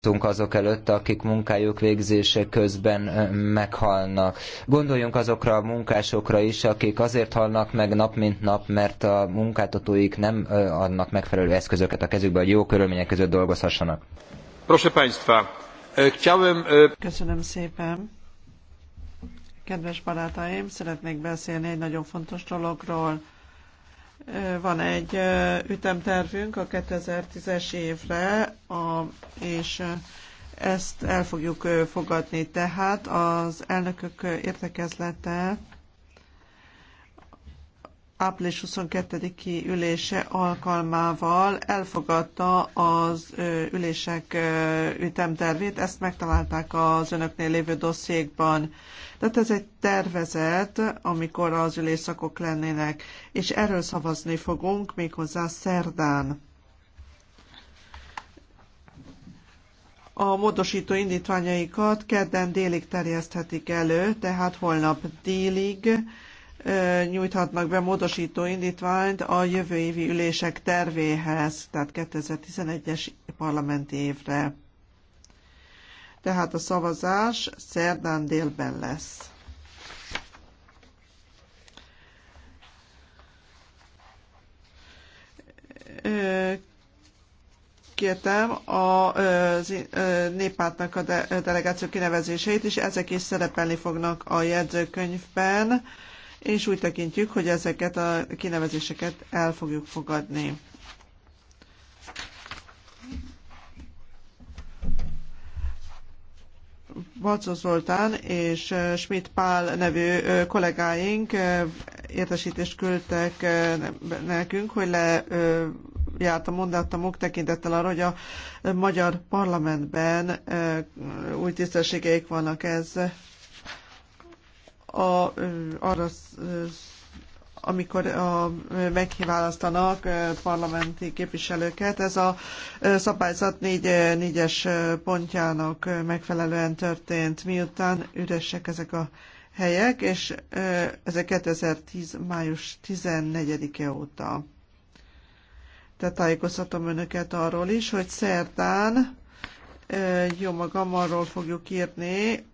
tartunk azok előtt, akik munkájuk végzése közben meghalnak. Gondoljunk azokra a munkásokra is, akik azért halnak meg nap mint nap, mert a munkáltatóik nem adnak megfelelő eszközöket a kezükbe, hogy jó körülmények között dolgozhassanak. Proszę Państwa, e, chciałem... E, Köszönöm szépen. Kedves barátaim, szeretnék beszélni egy nagyon fontos dologról van egy ütemtervünk a 2010-es évre, a, és ezt el fogjuk fogadni. Tehát az elnökök értekezlete április 22-i ülése alkalmával elfogadta az ülések ütemtervét, ezt megtalálták az önöknél lévő dossziékban. Tehát ez egy tervezet, amikor az ülésszakok lennének, és erről szavazni fogunk méghozzá szerdán. A módosító indítványaikat kedden délig terjeszthetik elő, tehát holnap délig nyújthatnak be módosító indítványt a jövő évi ülések tervéhez, tehát 2011-es parlamenti évre. Tehát a szavazás szerdán délben lesz. kértem a néppártnak a delegáció kinevezéseit, és ezek is szerepelni fognak a jegyzőkönyvben és úgy tekintjük, hogy ezeket a kinevezéseket el fogjuk fogadni. Balco Zoltán és Schmidt Pál nevű kollégáink értesítést küldtek nekünk, hogy járt a mondattamok tekintettel arra, hogy a magyar parlamentben új tisztességeik vannak ez a, arra, amikor a, megválasztanak parlamenti képviselőket. Ez a szabályzat négy, négyes pontjának megfelelően történt, miután üresek ezek a helyek, és ezek 2010. május 14-e óta. Tehát tájékoztatom önöket arról is, hogy szerdán jó magam, arról fogjuk írni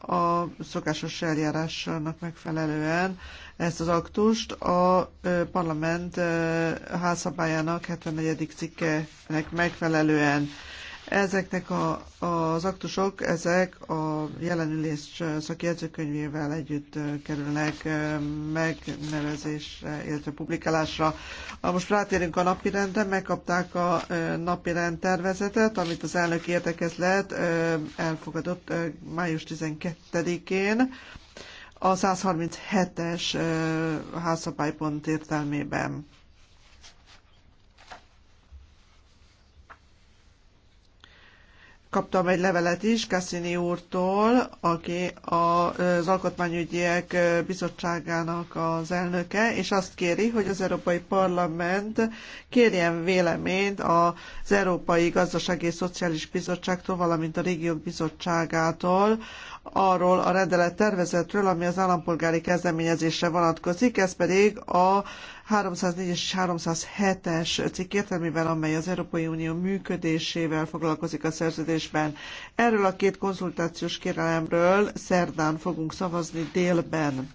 a szokásos eljárásnak megfelelően ezt az aktust a parlament házszabályának 74. cikkenek megfelelően. Ezeknek a, az aktusok, ezek a jelenülés szakjegyzőkönyvével együtt kerülnek megnevezésre, illetve publikálásra. most rátérünk a napirendre, megkapták a napirend tervezetet, amit az elnök értekezlet elfogadott május 12-én a 137-es házszabálypont értelmében. kaptam egy levelet is Cassini úrtól, aki az Alkotmányügyiek Bizottságának az elnöke, és azt kéri, hogy az Európai Parlament kérjen véleményt az Európai Gazdasági és Szociális Bizottságtól, valamint a Régiók Bizottságától arról a rendelet tervezetről, ami az állampolgári kezdeményezésre vonatkozik, ez pedig a 304-es és 307-es cikk értelmében, amely az Európai Unió működésével foglalkozik a szerződésben. Erről a két konzultációs kérelemről szerdán fogunk szavazni délben.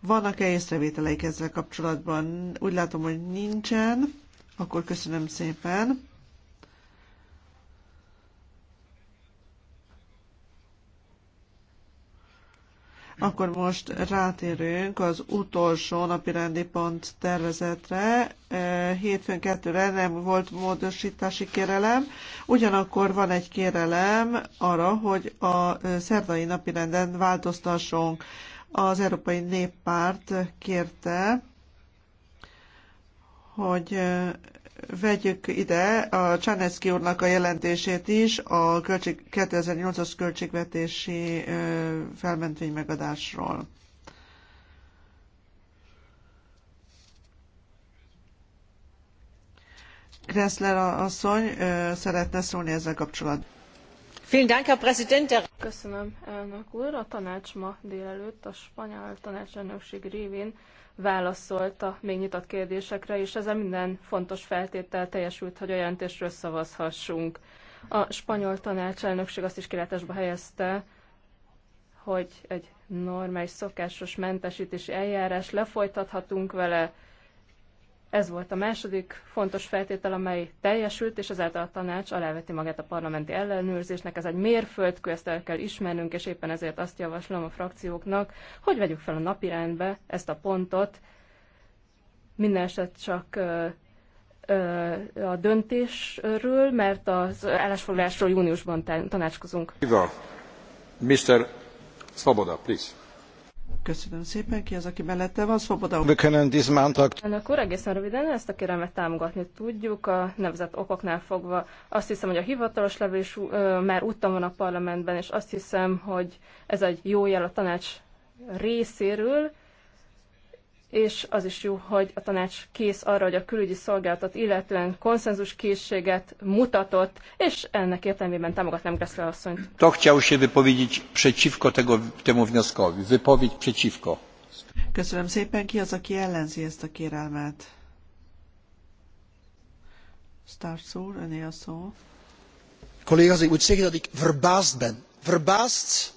Vannak-e észrevételeik ezzel kapcsolatban? Úgy látom, hogy nincsen. Akkor köszönöm szépen. Akkor most rátérünk az utolsó napi rendi pont tervezetre. E, hétfőn kettőre nem volt módosítási kérelem, ugyanakkor van egy kérelem arra, hogy a e, szerdai napi renden változtassunk. Az Európai Néppárt kérte, hogy e, vegyük ide a Csánecki úrnak a jelentését is a költség, 2008-as költségvetési felmentvény megadásról. Kressler asszony szeretne szólni ezzel kapcsolatban. Köszönöm, elnök úr. A tanács ma délelőtt a spanyol tanácselnökség révén válaszolt a még nyitott kérdésekre, és ezzel minden fontos feltétel teljesült, hogy a jelentésről szavazhassunk. A spanyol tanácselnökség azt is kilátásba helyezte, hogy egy normális, szokásos mentesítési eljárás lefolytathatunk vele, ez volt a második fontos feltétel, amely teljesült, és ezáltal a tanács aláveti magát a parlamenti ellenőrzésnek. Ez egy mérföldkő, ezt el kell ismernünk, és éppen ezért azt javaslom a frakcióknak, hogy vegyük fel a napirendbe ezt a pontot. Minden csak a döntésről, mert az állásfoglalásról júniusban tanácskozunk. Mr. Svoboda, please. Köszönöm szépen, ki az, aki mellette van, Szoboda Elnök úr, egészen röviden ezt a kérelmet támogatni tudjuk, a nevezett okoknál fogva. Azt hiszem, hogy a hivatalos levél is már úton van a parlamentben, és azt hiszem, hogy ez egy jó jel a tanács részéről, és az is jó, hogy a tanács kész arra, hogy a külügyi szolgálatot illetően konszenzus készséget mutatott, és ennek értelmében támogatnám Gressler asszonyt. To chciał się wypowiedzieć przeciwko tego, temu wnioskowi. Wypowiedź przeciwko. Köszönöm szépen. Ki az, aki ellenzi ezt a kérelmet? Starts úr, öné a szó. Collega's, ik moet zeggen dat ben. Verbaasd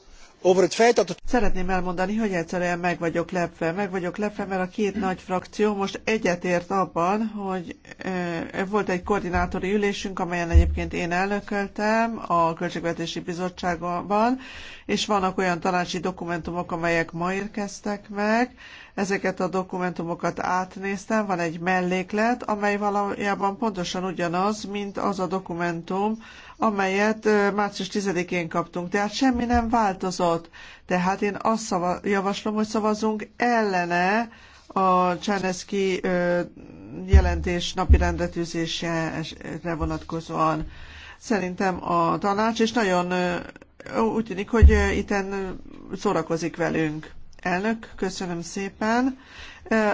Szeretném elmondani, hogy egyszerűen meg vagyok lepve. Meg vagyok lepve, mert a két nagy frakció most egyetért abban, hogy volt egy koordinátori ülésünk, amelyen egyébként én elnököltem a Költségvetési Bizottságban, és vannak olyan tanácsi dokumentumok, amelyek ma érkeztek meg, Ezeket a dokumentumokat átnéztem, van egy melléklet, amely valójában pontosan ugyanaz, mint az a dokumentum, amelyet március 10-én kaptunk. Tehát semmi nem változott. Tehát én azt szava- javaslom, hogy szavazunk ellene a Csáneszki jelentés napi rendetűzésre vonatkozóan. Szerintem a tanács, és nagyon úgy tűnik, hogy itten szórakozik velünk. Elnök, köszönöm szépen.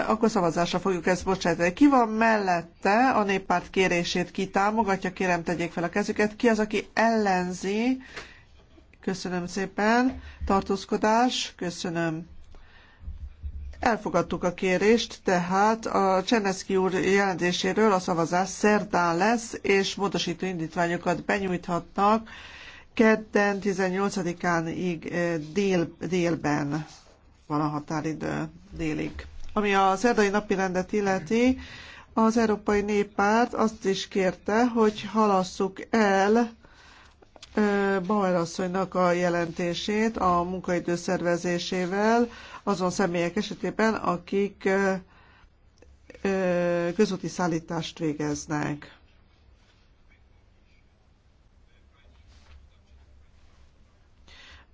Akkor szavazásra fogjuk ezt bocsátani. Ki van mellette a néppárt kérését? Ki támogatja? Kérem, tegyék fel a kezüket. Ki az, aki ellenzi? Köszönöm szépen. Tartózkodás? Köszönöm. Elfogadtuk a kérést, tehát a Cseneszki úr jelentéséről a szavazás szerdán lesz, és módosító indítványokat benyújthatnak kedden 18-ánig dél, délben van a határidő délig. Ami a szerdai napi rendet illeti, az Európai Néppárt azt is kérte, hogy halasszuk el Bauer asszonynak a jelentését a munkaidő szervezésével azon személyek esetében, akik közúti szállítást végeznek.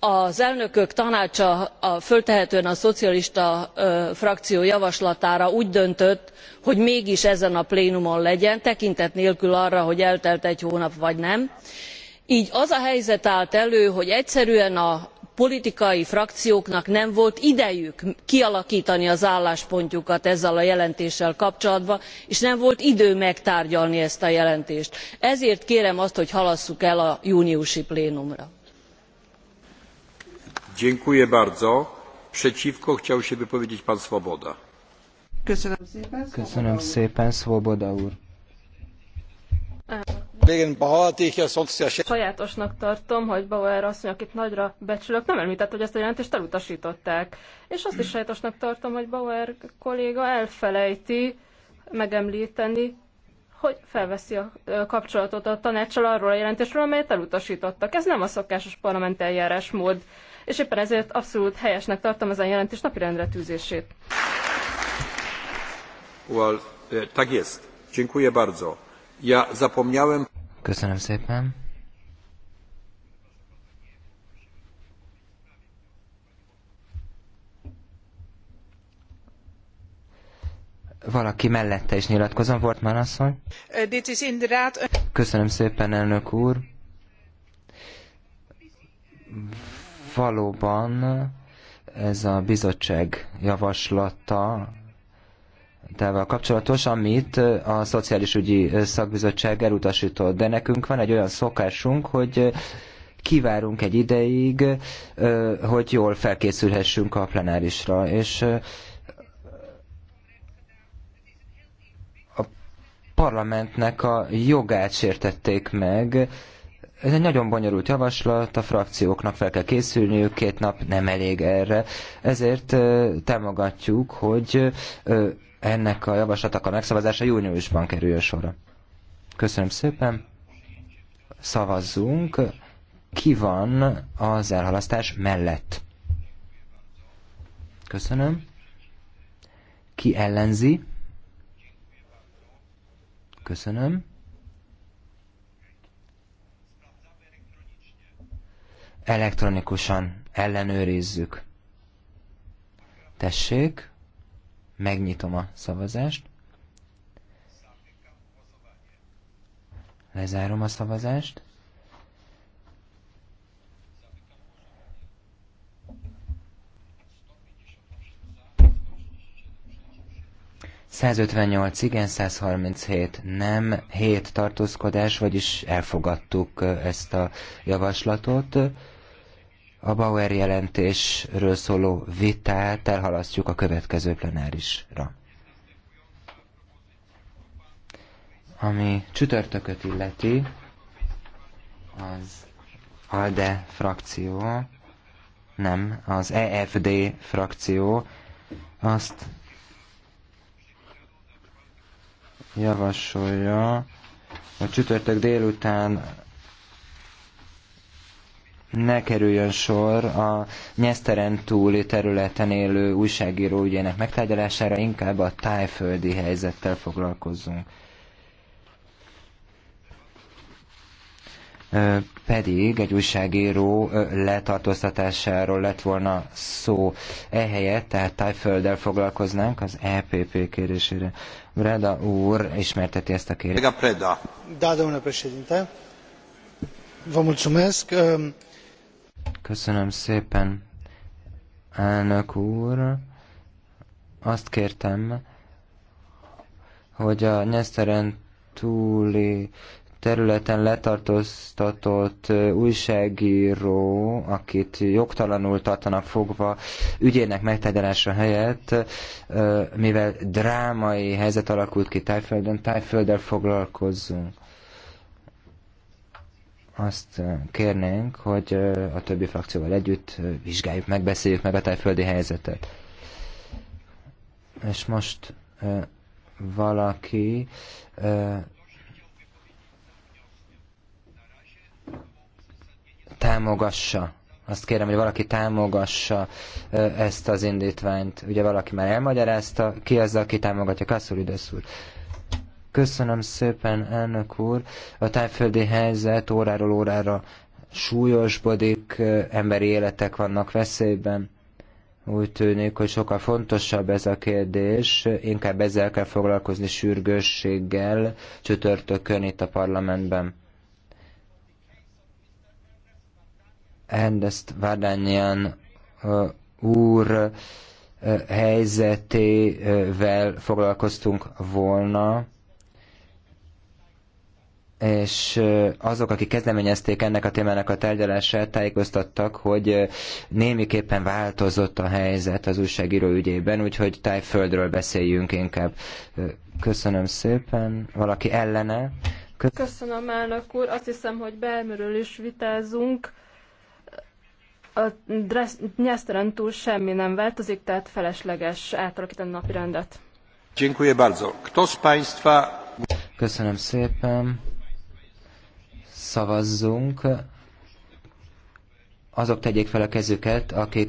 az elnökök tanácsa föltehetően a szocialista frakció javaslatára úgy döntött hogy mégis ezen a plénumon legyen tekintet nélkül arra hogy eltelt egy hónap vagy nem gy az a helyzet állt elő hogy egyszerűen a politikai frakcióknak nem volt idejük kialaktani az álláspontjukat ezzel a jelentéssel kapcsolatban és nem volt idő megtárgyalni ezt a jelentést. ezért kérem azt hogy halasszuk el a júniusi plénumra. Dziękuję bardzo. Przeciwko chciał się wypowiedzieć pan Swoboda. Köszönöm szépen, Swoboda Köszönöm szépen, Swoboda úr. Sajátosnak tartom, hogy Bauer asszony, akit nagyra becsülök, nem említett, hogy ezt a jelentést elutasították. És azt is sajátosnak tartom, hogy Bauer kolléga elfelejti megemlíteni hogy felveszi a kapcsolatot a tanácssal arról a jelentésről, amelyet elutasítottak. Ez nem a szokásos parlament eljárásmód, és éppen ezért abszolút helyesnek tartom ezen jelentés napirendre tűzését. Well, eh, tak jest. Dziękuję bardzo. Ja zapomniałem... Köszönöm szépen. valaki mellette is nyilatkozom, Wortmann asszony. Eh, Köszönöm szépen, elnök úr. Valóban ez a bizottság javaslata tával kapcsolatos, amit a Szociális Ügyi Szakbizottság elutasított. De nekünk van egy olyan szokásunk, hogy kivárunk egy ideig, eh, hogy jól felkészülhessünk a plenárisra. És eh, parlamentnek a jogát sértették meg. Ez egy nagyon bonyolult javaslat, a frakcióknak fel kell készülniük, két nap nem elég erre. Ezért támogatjuk, hogy ennek a javaslatnak a megszavazása júniusban kerüljön sorra. Köszönöm szépen. Szavazzunk. Ki van az elhalasztás mellett? Köszönöm. Ki ellenzi? Köszönöm. Elektronikusan ellenőrizzük. Tessék, megnyitom a szavazást. Lezárom a szavazást. 158 igen, 137 nem, 7 tartózkodás, vagyis elfogadtuk ezt a javaslatot. A Bauer jelentésről szóló vitát elhalasztjuk a következő plenárisra. Ami csütörtököt illeti, az ALDE frakció, nem, az EFD frakció azt javasolja, hogy csütörtök délután ne kerüljön sor a nyeszteren túli területen élő újságíró ügyének megtárgyalására, inkább a tájföldi helyzettel foglalkozzunk. pedig egy újságíró letartóztatásáról lett volna szó. Ehelyett, tehát Tájfölddel foglalkoznánk az EPP kérésére. Breda úr ismerteti ezt a kérést. Breda. Da, domnule președinte. Vă mulțumesc. Köszönöm szépen, elnök úr. Azt kértem, hogy a nyeszteren túli területen letartóztatott újságíró, akit jogtalanul tartanak fogva ügyének megtegyelása helyett, mivel drámai helyzet alakult ki Tájföldön, Tájfölddel foglalkozzunk. Azt kérnénk, hogy a többi frakcióval együtt vizsgáljuk, megbeszéljük meg a tájföldi helyzetet. És most valaki támogassa. Azt kérem, hogy valaki támogassa ezt az indítványt. Ugye valaki már elmagyarázta, ki az, aki támogatja? Kasszulidesz úr. Köszönöm szépen, elnök úr. A tájföldi helyzet óráról órára súlyosbodik, emberi életek vannak veszélyben. Úgy tűnik, hogy sokkal fontosabb ez a kérdés, inkább ezzel kell foglalkozni sürgősséggel csütörtökön itt a parlamentben. Ernest Vadanyan úr helyzetével foglalkoztunk volna, és azok, akik kezdeményezték ennek a témának a tárgyalását, tájékoztattak, hogy némiképpen változott a helyzet az újságíró ügyében, úgyhogy tájföldről beszéljünk inkább. Köszönöm szépen. Valaki ellene? Köszönöm, elnök úr. Azt hiszem, hogy belmről is vitázunk a Dnyeszteren túl semmi nem változik, tehát felesleges átalakítani a napi rendet. Köszönöm szépen. Szavazzunk. Azok tegyék fel a kezüket, akik